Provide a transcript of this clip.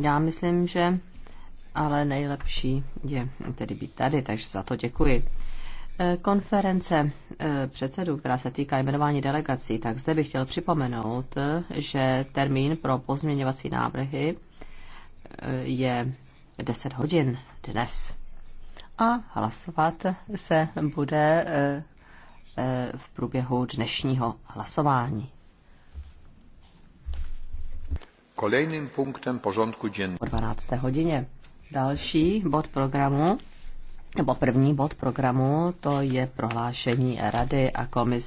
já myslím, že ale nejlepší je tedy být tady, takže za to děkuji. E, konference e, předsedů, která se týká jmenování delegací, tak zde bych chtěl připomenout, že termín pro pozměňovací návrhy e, je 10 hodin dnes. A hlasovat se bude v průběhu dnešního hlasování. Kolejným punktem pořádku dne. 12. hodině. Další bod programu, nebo první bod programu, to je prohlášení Rady a komise.